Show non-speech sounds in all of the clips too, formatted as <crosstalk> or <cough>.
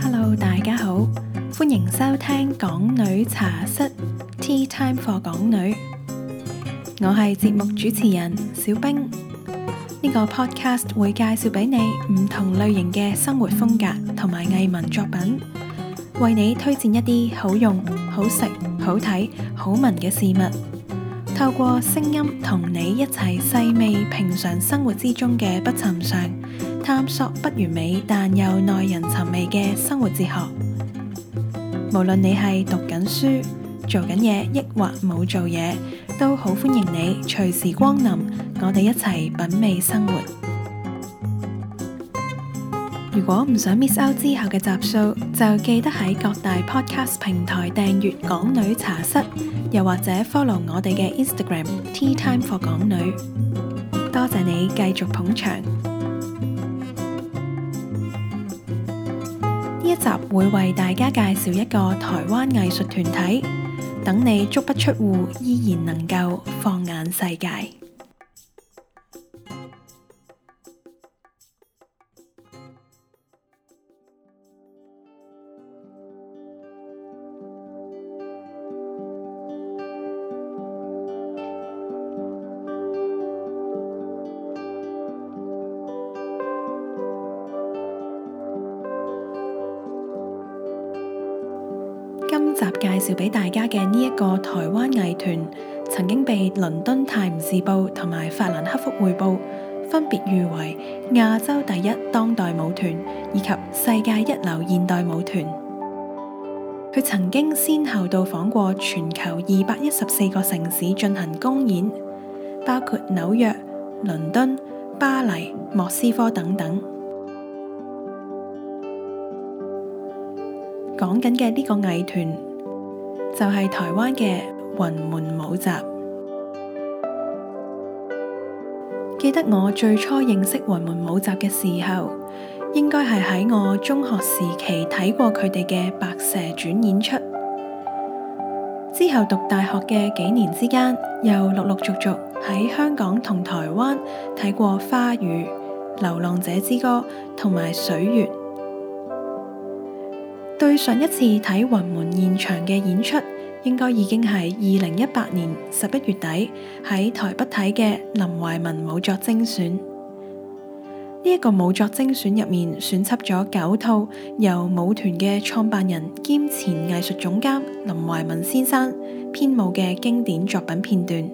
Hello，大家好，歡迎收聽港女茶室 Tea Time for 港女。我係節目主持人小冰，呢個 Podcast 會介紹俾你唔同類型嘅生活風格同埋藝文作品，為你推薦一啲好用、好食、好睇、好聞嘅事物。透過聲音同你一齊細味平常生活之中嘅不尋常，探索不完美但又耐人尋味嘅生活哲學。無論你係讀緊書、做緊嘢，抑或冇做嘢，都好歡迎你隨時光臨，我哋一齊品味生活。 <music> 如果唔想 miss out 之後嘅集數，就記得喺各大 podcast 平台訂閱《港女茶室》。又或者 follow 我哋嘅 Instagram Tea Time for 港女，多謝你繼續捧場。呢一集會為大家介紹一個台灣藝術團體，等你足不出戶，依然能夠放眼世界。俾大家嘅呢一個台灣藝團，曾經被《倫敦泰晤士報》同埋《法蘭克福匯報》分別譽為亞洲第一當代舞團以及世界一流現代舞團。佢曾經先後到訪過全球二百一十四個城市進行公演，包括紐約、倫敦、巴黎、莫斯科等等。講緊嘅呢個藝團，就係台灣嘅雲門舞集。記得我最初認識雲門舞集嘅時候，應該係喺我中學時期睇過佢哋嘅《白蛇傳》演出。之後讀大學嘅幾年之間，又陸陸續續喺香港同台灣睇過《花雨》、《流浪者之歌》同埋《水月》。上一次睇雲門現場嘅演出，應該已經係二零一八年十一月底喺台北睇嘅林懷民舞作精選。呢、這、一個舞作精選入面，選輯咗九套由舞團嘅創辦人兼前藝術總監林懷民先生編舞嘅經典作品片段，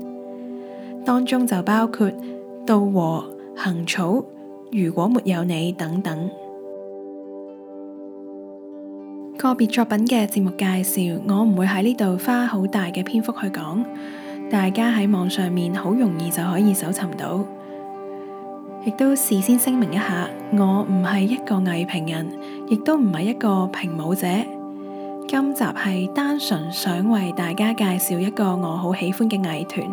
當中就包括《稻禾》、《行草》、《如果沒有你》等等。個別作品嘅節目介紹，我唔會喺呢度花好大嘅篇幅去講，大家喺網上面好容易就可以搜尋到。亦都事先聲明一下，我唔係一個藝評人，亦都唔係一個評舞者。今集係單純想為大家介紹一個我好喜歡嘅藝團。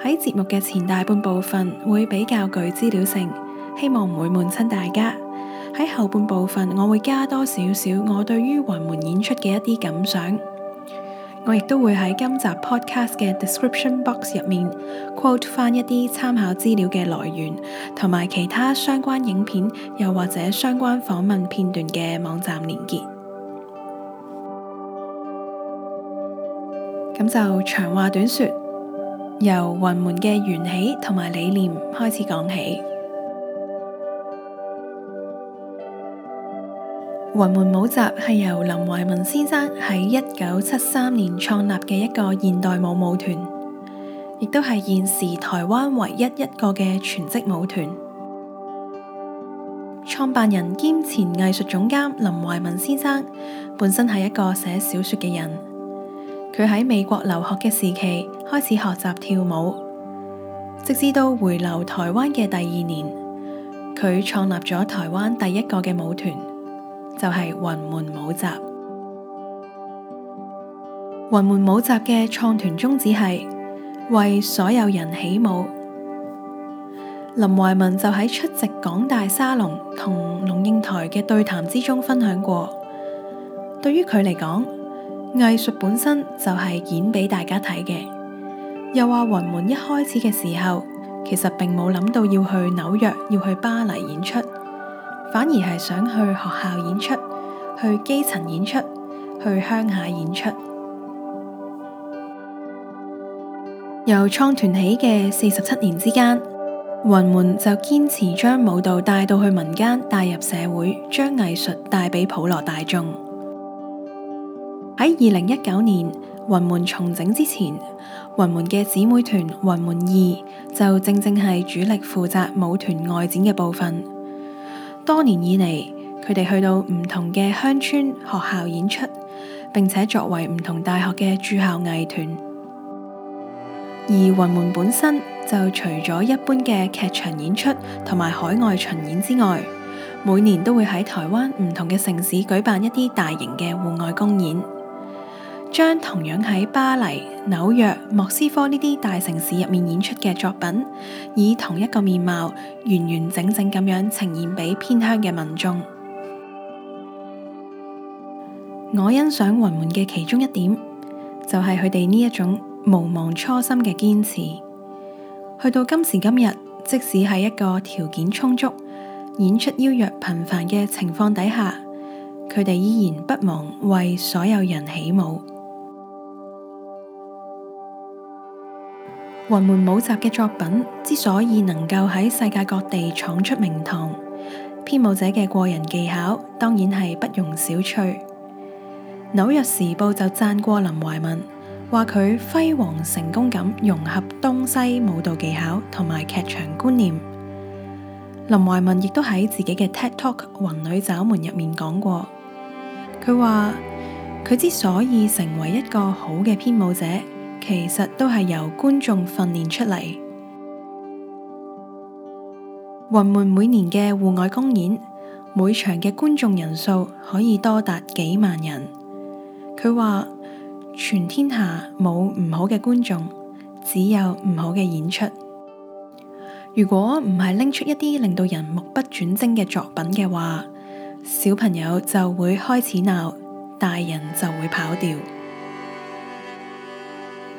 喺節目嘅前大半部分會比較具資料性，希望唔會悶親大家。喺後半部分，我會加多少少我對於雲門演出嘅一啲感想。我亦都會喺今集 podcast 嘅 description box 入面 quote 翻一啲參考資料嘅來源，同埋其他相關影片，又或者相關訪問片段嘅網站連結。咁就長話短說，由雲門嘅緣起同埋理念開始講起。雲門舞集係由林懷民先生喺一九七三年創立嘅一個現代舞舞團，亦都係現時台灣唯一一個嘅全職舞團。創辦人兼前藝術總監林懷民先生本身係一個寫小說嘅人，佢喺美國留學嘅時期開始學習跳舞，直至到回流台灣嘅第二年，佢創立咗台灣第一個嘅舞團。就係雲門舞集。雲門舞集嘅創團宗旨係為所有人起舞。林懷民就喺出席港大沙龍同龍應台嘅對談之中分享過，對於佢嚟講，藝術本身就係演俾大家睇嘅。又話雲門一開始嘅時候，其實並冇諗到要去紐約、要去巴黎演出。反而係想去學校演出，去基層演出，去鄉下演出。由創團起嘅四十七年之間，雲門就堅持將舞蹈帶到去民間，帶入社會，將藝術帶俾普羅大眾。喺二零一九年雲門重整之前，雲門嘅姊妹團雲門二就正正係主力負責舞團外展嘅部分。多年以嚟，佢哋去到唔同嘅鄉村學校演出，並且作為唔同大學嘅駐校藝團。而雲門本身就除咗一般嘅劇場演出同埋海外巡演之外，每年都會喺台灣唔同嘅城市舉辦一啲大型嘅戶外公演。將同樣喺巴黎、紐約、莫斯科呢啲大城市入面演出嘅作品，以同一個面貌完完整整咁樣呈現俾偏鄉嘅民衆。 <music> 我欣賞雲門嘅其中一點，就係佢哋呢一種無忘初心嘅堅持。去到今時今日，即使係一個條件充足、演出邀約頻繁嘅情況底下，佢哋依然不忘為所有人起舞。雲門舞集嘅作品之所以能夠喺世界各地闖出名堂，編舞者嘅過人技巧當然係不容小覷。紐約時報就讚過林懷民，話佢輝煌成功咁融合東西舞蹈技巧同埋劇場觀念。林懷民亦都喺自己嘅 TED Talk《雲裡找門》入面講過，佢話佢之所以成為一個好嘅編舞者。其實都係由觀眾訓練出嚟。雲門每年嘅戶外公演，每場嘅觀眾人數可以多達幾萬人。佢話：全天下冇唔好嘅觀眾，只有唔好嘅演出。如果唔係拎出一啲令到人目不轉睛嘅作品嘅話，小朋友就會開始鬧，大人就會跑掉。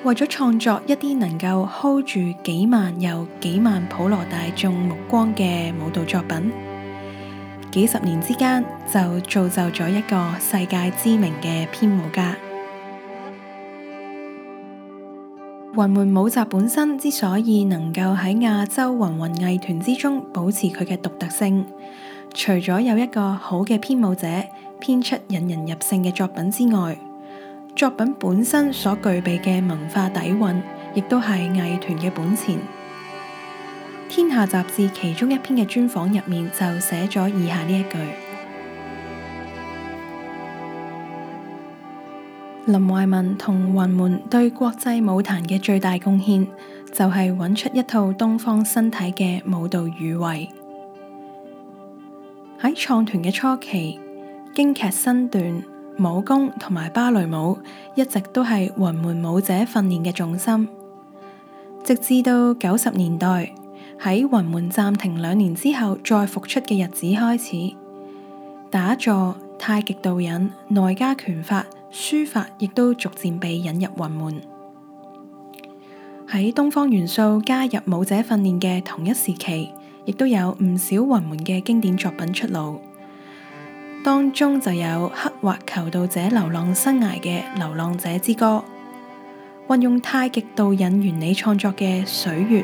為咗創作一啲能夠 hold 住幾萬又幾萬普羅大眾目光嘅舞蹈作品，幾十年之間就造就咗一個世界知名嘅編舞家。雲門舞集本身之所以能夠喺亞洲雲雲藝團之中保持佢嘅獨特性，除咗有一個好嘅編舞者編出引人入勝嘅作品之外，作品本身所具備嘅文化底蘊，亦都係藝團嘅本錢。天下雜誌其中一篇嘅專訪入面就寫咗以下呢一句： <music> 林懷民同雲門對國際舞壇嘅最大貢獻，就係揾出一套東方身體嘅舞蹈語彙。喺創團嘅初期，京劇身段、武功同埋芭蕾舞一直都係雲門舞者訓練嘅重心，直至到九十年代，喺雲門暫停兩年之後再復出嘅日子開始，打坐、太極導引、內家拳法、書法亦都逐漸被引入雲門。喺東方元素加入舞者訓練嘅同一時期，亦都有唔少雲門嘅經典作品出爐。當中就有刻畫求道者流浪生涯嘅《流浪者之歌》，運用太極導引原理創作嘅《水月》，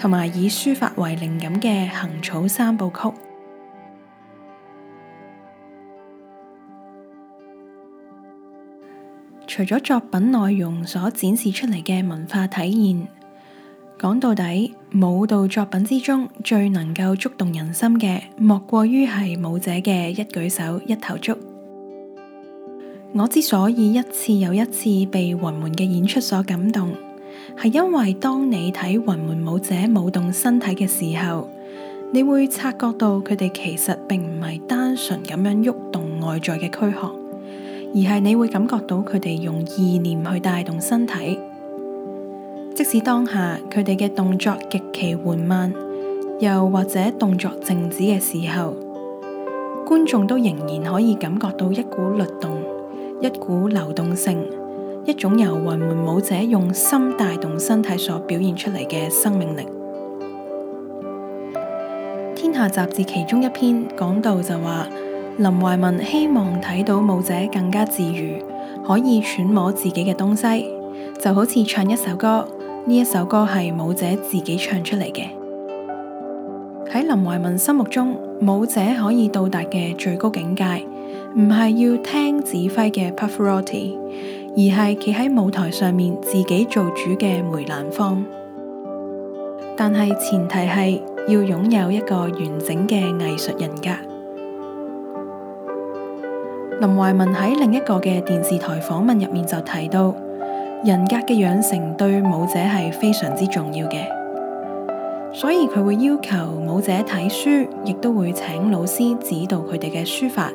同埋以書法為靈感嘅《行草三部曲》。除咗作品內容所展示出嚟嘅文化體現。講到底，舞蹈作品之中最能夠觸動人心嘅，莫過於係舞者嘅一舉手、一投足。我之所以一次又一次被雲門嘅演出所感動，係因為當你睇雲門舞者舞動身體嘅時候，你會察覺到佢哋其實並唔係單純咁樣喐動外在嘅軀殼，而係你會感覺到佢哋用意念去帶動身體。即使當下佢哋嘅動作極其緩慢，又或者動作靜止嘅時候，觀眾都仍然可以感覺到一股律動、一股流動性，一種由雲門舞者用心帶動身體所表現出嚟嘅生命力。《天下》雜誌其中一篇講到就話，林懷民希望睇到舞者更加自如，可以揣摩自己嘅東西，就好似唱一首歌。呢一首歌係舞者自己唱出嚟嘅。喺林懷民心目中，舞者可以到達嘅最高境界，唔係要聽指揮嘅 Pavarotti，而係企喺舞台上面自己做主嘅梅蘭芳。但係前提係要擁有一個完整嘅藝術人格。林懷民喺另一個嘅電視台訪問入面就提到。人格嘅養成對舞者係非常之重要嘅，所以佢會要求舞者睇書，亦都會請老師指導佢哋嘅書法。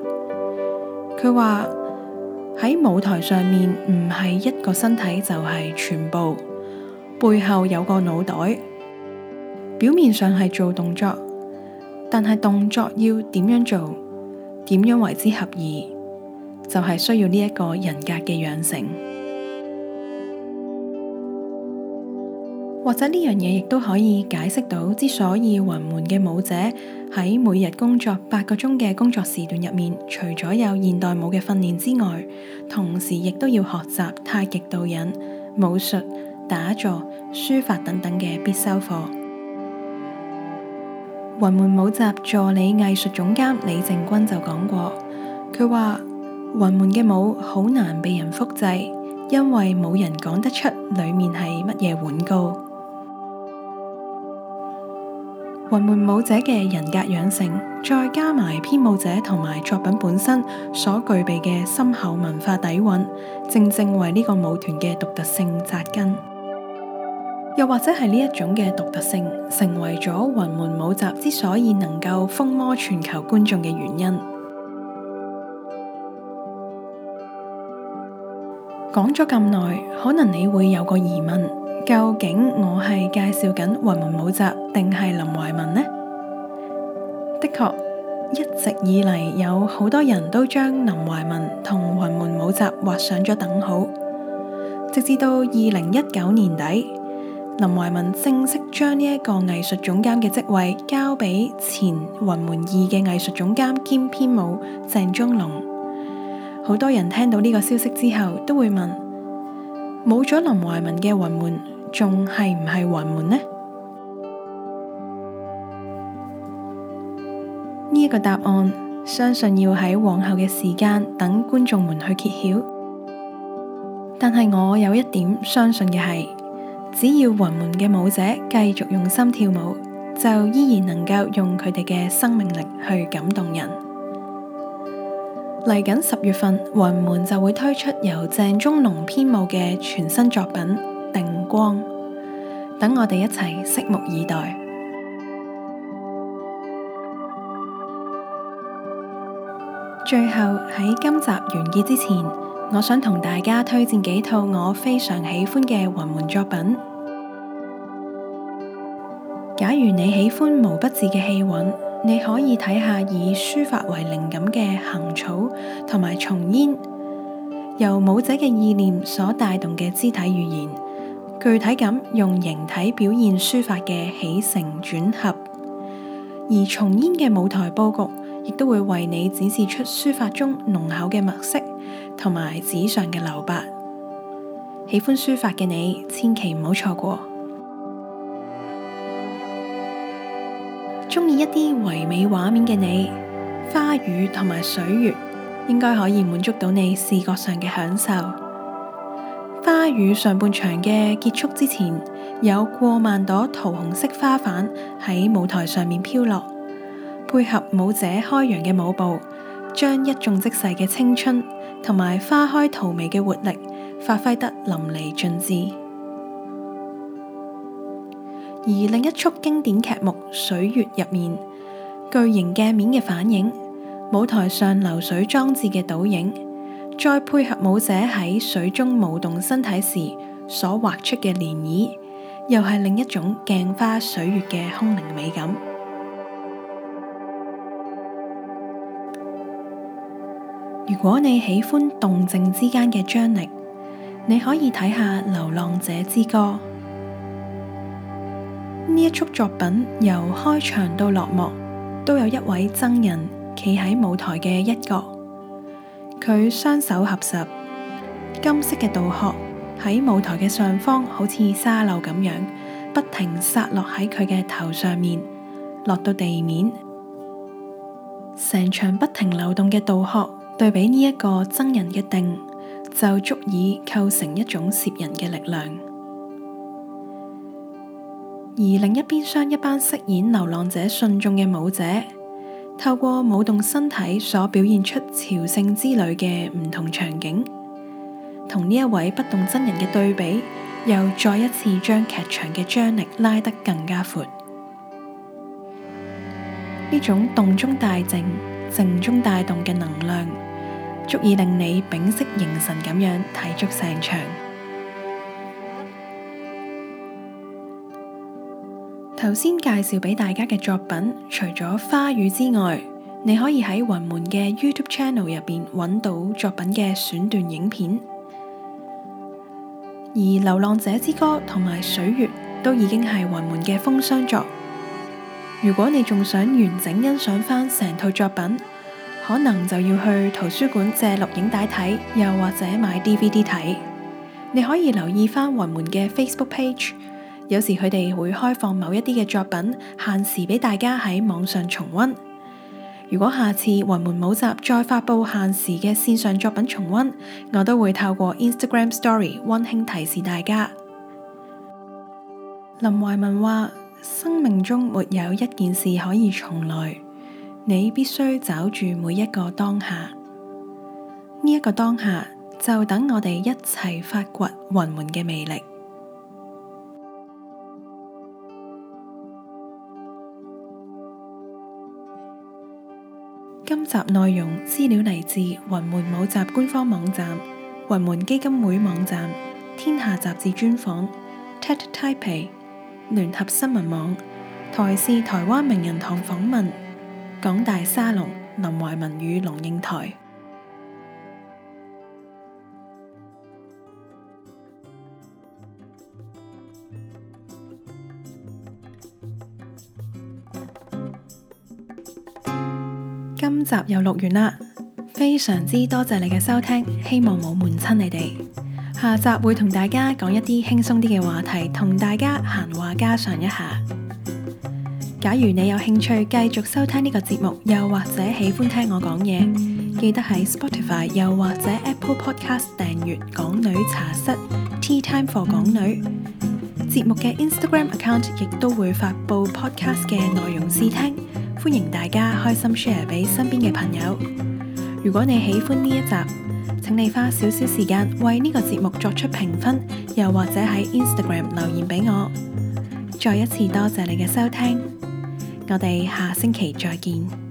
佢話喺舞台上面唔係一個身體就係全部，背後有個腦袋，表面上係做動作，但係動作要點樣做，點樣為之合意，就係、是、需要呢一個人格嘅養成。或者呢樣嘢亦都可以解釋到，之所以雲門嘅舞者喺每日工作八個鐘嘅工作時段入面，除咗有現代舞嘅訓練之外，同時亦都要學習太極導引、武術、打坐、書法等等嘅必修課。雲門舞集助理藝術總監李靜君就講過，佢話雲門嘅舞好難被人複製，因為冇人講得出裏面係乜嘢玩告。雲門舞者嘅人格養成，再加埋編舞者同埋作品本身所具備嘅深厚文化底蘊，正正為呢個舞團嘅獨特性扎根。又或者係呢一種嘅獨特性，成為咗雲門舞集之所以能夠瘋魔全球觀眾嘅原因。講咗咁耐，可能你會有個疑問。究竟我係介紹緊雲門舞集定係林懷民呢？的確，一直以嚟有好多人都將林懷民同雲門舞集畫上咗等號，直至到二零一九年底，林懷民正式將呢一個藝術總監嘅職位交俾前雲門二嘅藝術總監兼編舞鄭中龍。好多人聽到呢個消息之後都會問：冇咗林懷民嘅雲門。仲係唔係雲門呢？呢一個答案，相信要喺往後嘅時間等觀眾們去揭曉。但係我有一點相信嘅係，只要雲門嘅舞者繼續用心跳舞，就依然能夠用佢哋嘅生命力去感動人。嚟緊十月份，雲門就會推出由鄭中龍編舞嘅全新作品。等我哋一齊拭目以待。最後，喺今集完結之前，我想同大家推薦幾套我非常喜歡嘅雲門作品。假如你喜歡毛筆字嘅氣韻，你可以睇下以書法為靈感嘅行草同埋松煙，由舞者嘅意念所帶動嘅肢體語言。具體咁用形體表現書法嘅起承轉合，而重煙嘅舞台布局亦都會為你展示出書法中濃厚嘅墨色同埋紙上嘅留白。喜歡書法嘅你，千祈唔好錯過。中意一啲唯美畫面嘅你，花語同埋水月應該可以滿足到你視覺上嘅享受。花雨上半場嘅結束之前，有過萬朵桃紅色花瓣，喺舞台上面飄落，配合舞者開揚嘅舞步，將一眾即逝嘅青春同埋花開荼蘼嘅活力發揮得淋漓盡致。而另一束經典劇目《水月》入面，巨型鏡面嘅反影，舞台上流水裝置嘅倒影。再配合舞者喺水中舞動身體時所畫出嘅漣漪，又係另一種鏡花水月嘅空靈美感。如果你喜歡動靜之間嘅張力，你可以睇下《流浪者之歌》。呢一出作品由開場到落幕，都有一位僧人企喺舞台嘅一角。佢雙手合十，金色嘅稻殼喺舞台嘅上方，好似沙漏咁樣，不停灑落喺佢嘅頭上面，落到地面。成場不停流動嘅稻殼，對比呢一個僧人嘅定，就足以構成一種攝人嘅力量。而另一邊廂，一班飾演流浪者信眾嘅舞者。透過舞動身體所表現出朝聖之旅嘅唔同場景，同呢一位不動真人嘅對比，又再一次將劇場嘅張力拉得更加闊。呢種動中帶靜、靜中帶動嘅能量，足以令你屏息凝神，咁樣睇足成場。頭先介紹俾大家嘅作品，除咗花雨之外，你可以喺雲門嘅 YouTube Channel 入邊揾到作品嘅選段影片。而流浪者之歌同埋水月都已經係雲門嘅封箱作。如果你仲想完整欣賞翻成套作品，可能就要去圖書館借錄影帶睇，又或者買 DVD 睇。你可以留意翻雲門嘅 Facebook Page。有時佢哋會開放某一啲嘅作品，限時俾大家喺網上重温。如果下次雲門舞集再發布限時嘅線上作品重温，我都會透過 Instagram Story 温馨提示大家。林懷民話：生命中沒有一件事可以重來，你必須找住每一個當下。呢一個當下，就等我哋一齊發掘雲門嘅魅力。集內容資料嚟自雲門舞集官方網站、雲門基金會網站、天下雜誌專訪、TEDxTaipei、聯合新聞網、台視台灣名人堂訪問、港大沙龍、林懷民與龍應台。集又錄完啦，非常之多謝你嘅收聽，希望冇悶親你哋。下集會同大家講一啲輕鬆啲嘅話題，同大家閒話家常一下。假如你有興趣繼續收聽呢個節目，又或者喜歡聽我講嘢，記得喺 Spotify 又或者 Apple Podcast 訂閱《港女茶室 Tea Time for 港女》。節目嘅 Instagram account，亦都會發佈 Podcast 嘅內容試聽。歡迎大家開心 share 俾身邊嘅朋友。如果你喜歡呢一集，請你花少少時間為呢個節目作出評分，又或者喺 Instagram 留言俾我。再一次多謝你嘅收聽，我哋下星期再見。